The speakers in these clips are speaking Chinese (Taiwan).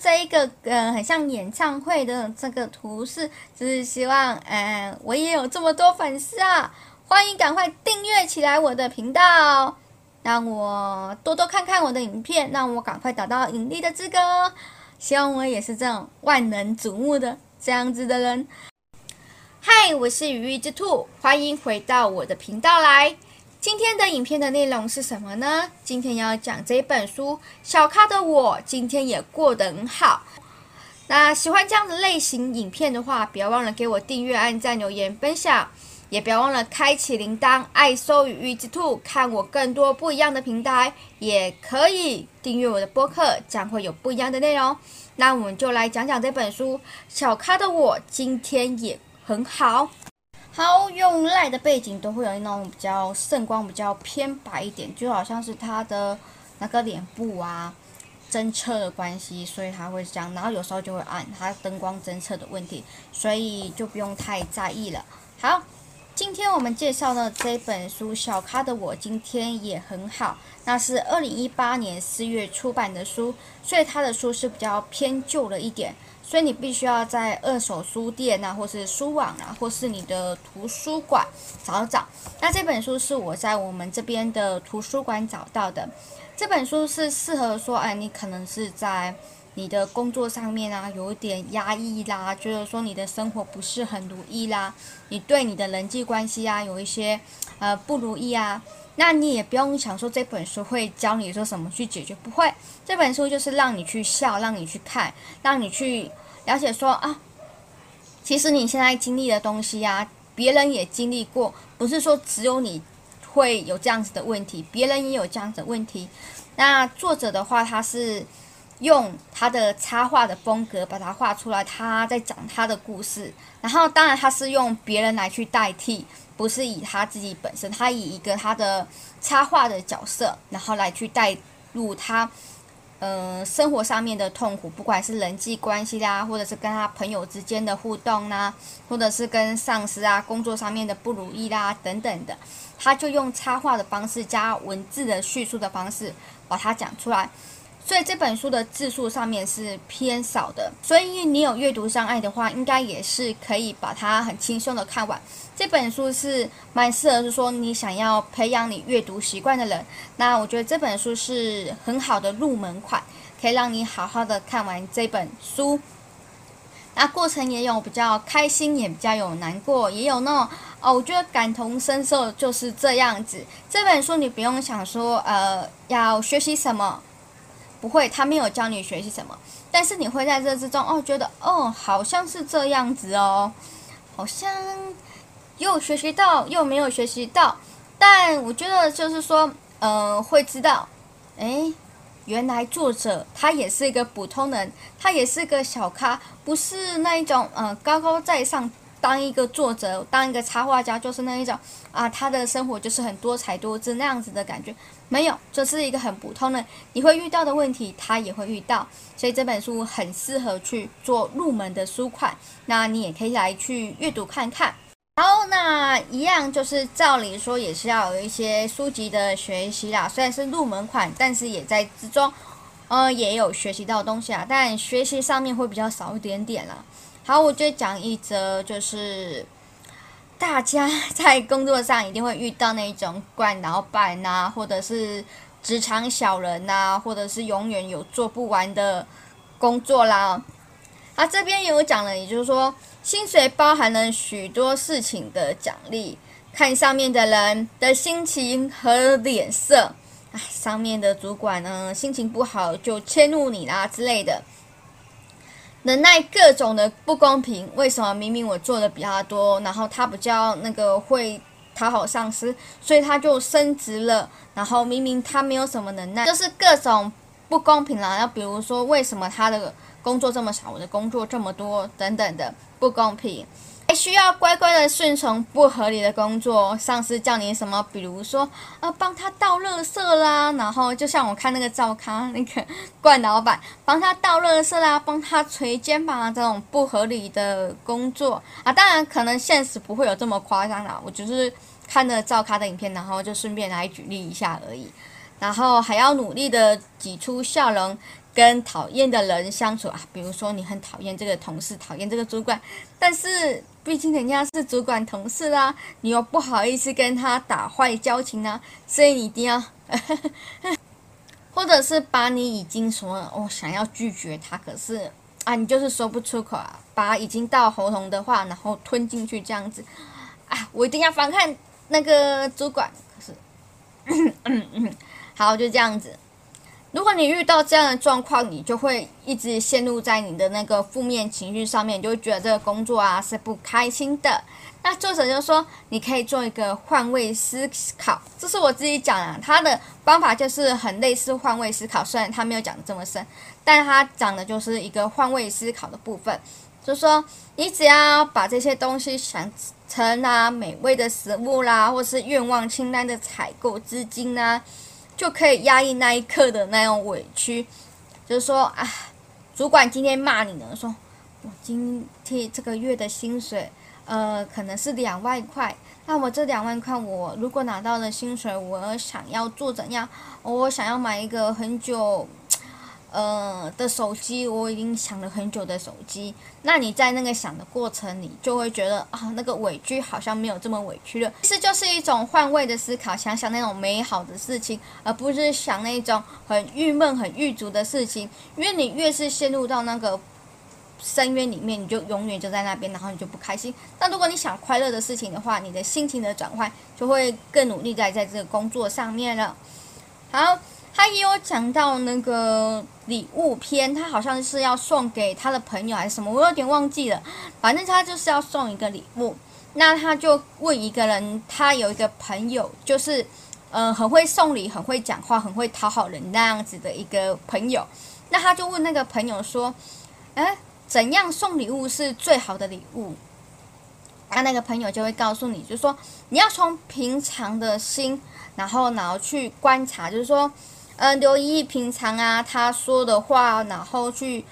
這一個嗯、呃，很像演唱會的這個圖示，只是希望嗯、呃，我也有這麼多粉絲啊！歡迎趕快訂閱起來我的頻道，哦，讓我多多看看我的影片，讓我趕快達到盈利的資格，哦。希望我也是這種萬人矚目的這樣子的人。嗨，我是羽翼之兔，歡迎回到我的頻道來。今天的影片的內容是什麼呢？今天要講這一本書，《小咖的我》今天也過得很好。那喜歡這樣的類型影片的話，不要忘了給我訂閱、按讚、留言、分享，也不要忘了開啟鈴鐺。愛搜與羽翼之兔，看我更多不一樣的平台，也可以訂閱我的播客，將會有不一樣的內容。那我們就來講講這本書，《小咖的我》今天也很好。好，用賴的背景都會有一種比較聖光，比較偏白一點，就好像是它的那個臉部啊，偵測的關係，所以它會這樣。然後有時候就會暗，它燈光偵測的問題，所以就不用太在意了。好。今天我們介紹的這本書《小咖的我今天也很好》。那是二零一八年四月出版的書，所以它的書是比較偏舊了一點，所以你必須要在二手書店啊，或是書網啊，或是你的圖書館找找。那這本書是我在我們這邊的圖書館找到的。這本書是適合說，哎，你可能是在。你的工作上面啊，有一點壓抑啦，就是說你的生活不是很如意啦，你對你的人際關係啊，有一些呃不如意啊，那你也不用想說這本書會教你說什麼去解決，不會，這本書就是讓你去笑，讓你去看，讓你去了解說啊，其實你現在經歷的東西呀，別人也經歷過，不是說只有你會有這樣子的問題，別人也有這樣子的問題，那作者的話，他是，用他的插畫的風格把它畫出來，他在講他的故事，然後當然他是用別人來去代替，不是以他自己本身，他以一個他的插畫的角色，然後來去帶入他，嗯、呃，生活上面的痛苦，不管是人際關係啦，或者是跟他朋友之間的互動啦，或者是跟上司啊，工作上面的不如意啦等等的，他就用插畫的方式加文字的敘述的方式把它講出來。所以這本書的字數上面是偏少的，所以因為你有閱讀障礙的話，應該也是可以把它很輕鬆的看完。這本書是蠻適合，是說你想要培養你閱讀習慣的人，那我覺得這本書是很好的入門款，可以讓你好好的看完這本書。那過程也有比較開心，也比較有難過，也有那種哦，我覺得感同身受就是這樣子。這本書你不用想說呃要學習什麼。不會，他沒有教你學習什麼，但是你會在這之中哦，覺得哦，好像是這樣子哦，好像又學習到又沒有學習到，但我覺得就是說，嗯、呃，會知道，哎，原來作者他也是一個普通人，他也是個小咖，不是那一種嗯、呃，高高在上。當一個作者，當一個插畫家，就是那一種啊，他的生活就是很多彩多姿那樣子的感覺。沒有，這是一個很普通的，你會遇到的問題，他也會遇到。所以這本書很適合去做入門的書款，那你也可以來去閱讀看看。然後那一樣就是照理說也是要有一些書籍的學習啦，雖然是入門款，但是也在之中，呃，也有學習到東西啊，但學習上面會比較少一點點啦。好，我就講一則，就是大家在工作上一定會遇到那種怪老闆吶、啊，或者是職場小人吶、啊，或者是永遠有做不完的工作啦。啊，這邊也有講了，也就是說，薪水包含了許多事情的獎勵，看上面的人的心情和臉色。唉、啊，上面的主管呢，心情不好就遷怒你啦之類的。能耐各種的不公平，為什麼明明我做的比他多，然後他比較那個會討好上司，所以他就升職了？然後明明他沒有什麼能耐，就是各種不公平了。然後比如說，為什麼他的工作這麼少，我的工作這麼多？等等的不公平。還需要乖乖的順從不合理的工作，上司叫你什麼，比如說，呃、啊，幫他倒垃圾啦，然後就像我看那個照咖那個怪老板，幫他倒垃圾啦，幫他捶肩膀啊，這種不合理的工作啊，當然可能現實不會有這麼誇張啦、啊，我只是看了照咖的影片，然後就順便來舉例一下而已，然後還要努力的擠出笑容。跟討厭的人相處啊，比如說你很討厭這個同事，討厭這個主管，但是畢竟人家是主管、同事啦，你又不好意思跟他打壞交情啊，所以你一定要， 或者是把你已經什麼哦想要拒絕他，可是啊你就是說不出口啊，把已經到喉嚨的話然後吞進去這樣子，啊我一定要反抗那個主管，可是、嗯嗯嗯、好就這樣子。如果你遇到這樣的狀況，你就會一直陷入在你的那個負面情緒上面，你就會覺得這個工作啊是不開心的。那作者就是說，你可以做一個換位思考。這是我自己講的啊，他的方法就是很類似換位思考，雖然他沒有講得這麼深，但他講的就是一個換位思考的部分，就說你只要把這些東西想成啊，美味的食物啦，或是願望清單的採購資金啊。就可以壓抑那一刻的那種委屈，就是說啊，主管今天罵你呢，說，我今天這個月的薪水，呃，可能是兩萬塊，那我這兩萬塊我如果拿到了薪水，我想要做怎樣？我想要買一個很久，呃的手機，我已經想了很久的手機。那你在那個想的過程，你就會覺得啊，那個委屈好像沒有這麼委屈了。其實就是一種換位的思考，想想那種美好的事情，而不是想那種很鬱悶、很鬱卒的事情。因為你越是陷入到那個深淵裡面，你就永遠就在那邊，然後你就不開心。但如果你想快樂的事情的話，你的心情的轉換就會更努力在在這個工作上面了。好。他也有講到那個禮物篇，他好像是要送給他的朋友還是什麼，我有點忘記了。反正他就是要送一個禮物，那他就問一個人，他有一個朋友，就是，嗯、呃，很會送禮、很會講話、很會討好人那樣子的一個朋友。那他就問那個朋友說：“誒，怎樣送禮物是最好的禮物？”那那個朋友就會告訴你，就是說，你要從平常的心，然後然後去觀察，就是說。嗯，留意、呃、平常啊，他說的話，然後去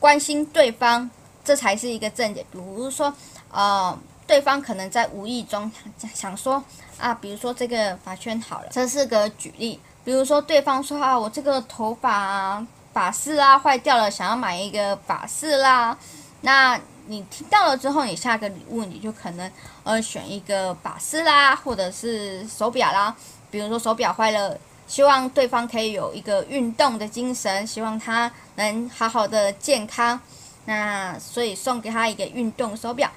關心對方，這才是一個正點。比如說，呃，對方可能在無意中想說啊，比如說這個髮圈好了，這是個舉例。比如說對方說啊，我這個頭髮啊髮飾啦壞掉了，想要買一個髮飾啦。那你聽到了之後，你下個禮物，你就可能呃選一個髮飾啦，或者是手表啦。比如說手表壞了。希望對方可以有一個運動的精神，希望他能好好的健康。那所以送給他一個運動手表，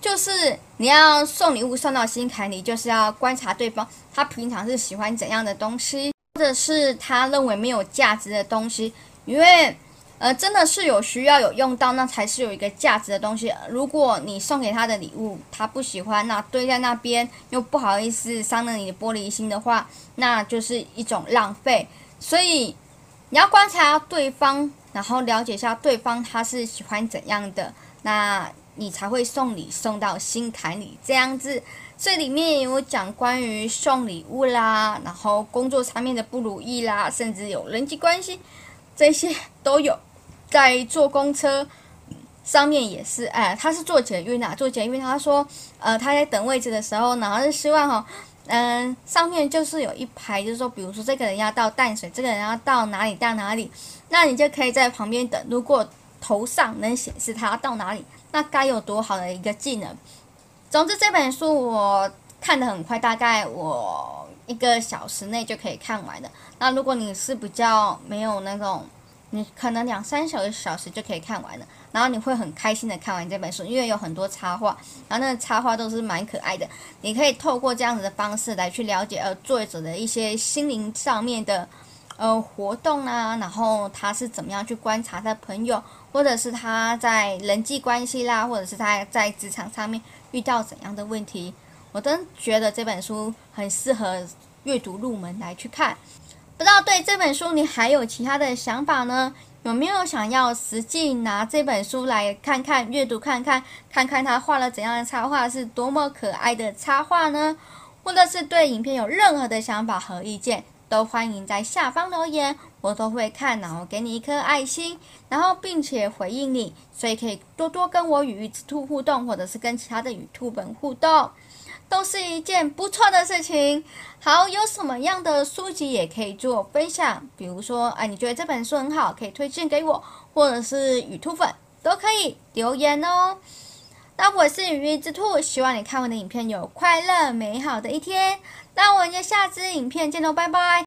就是你要送禮物送到心坎裡，你就是要觀察對方他平常是喜歡怎樣的東西，或者是他認為沒有價值的東西，因為。呃，真的是有需要有用到，那才是有一個價值的東西。呃，如果你送給他的禮物，他不喜歡，那堆在那邊又不好意思傷了你的玻璃心的話，那就是一種浪費。所以你要觀察對方，然後了解一下對方他是喜歡怎樣的，那你才會送禮送到心坎裡。這樣子，這裡面也有講關於送禮物啦，然後工作上面的不如意啦，甚至有人際關係這些都有。在坐公車上面也是，哎、呃，他是坐捷運的、啊、坐捷運。他說，呃，他在等位置的時候呢，然後是希望哈，嗯、呃，上面就是有一排，就是說，比如說這個人要到淡水，這個人要到哪裡到哪裡，那你就可以在旁邊等。如果頭上能顯示他到哪裡，那該有多好的一個技能！總之，這本書我看得很快，大概我一個小時內就可以看完的。那如果你是比較沒有那種，你可能兩三小小時就可以看完了，然後你會很開心的看完這本書，因為有很多插畫，然後那個插畫都是蠻可愛的。你可以透過這樣子的方式來去了解呃作者的一些心靈上面的，呃活動啊，然後他是怎麼樣去觀察他朋友，或者是他在人際關係啦，或者是他在職場上面遇到怎樣的問題。我真的覺得這本書很適合閱讀入門來去看。不知道對這本書你還有其他的想法呢？有沒有想要實際拿這本書來看看、閱讀看看、看看他畫了怎樣的插畫，是多麼可愛的插畫呢？或者是對影片有任何的想法和意見，都歡迎在下方留言，我都會看，然後給你一顆愛心，然後並且回應你。所以可以多多跟我與羽翼之兔互動，或者是跟其他的羽兔粉互動。都是一件不錯的事情。好，有什麼樣的書籍也可以做分享，比如說，哎、啊，你覺得這本書很好，可以推薦給我，或者是羽兔粉都可以留言哦。那我是羽翼之兔，希望你看我的影片有快樂美好的一天。那我們就下支影片見嘍，拜拜。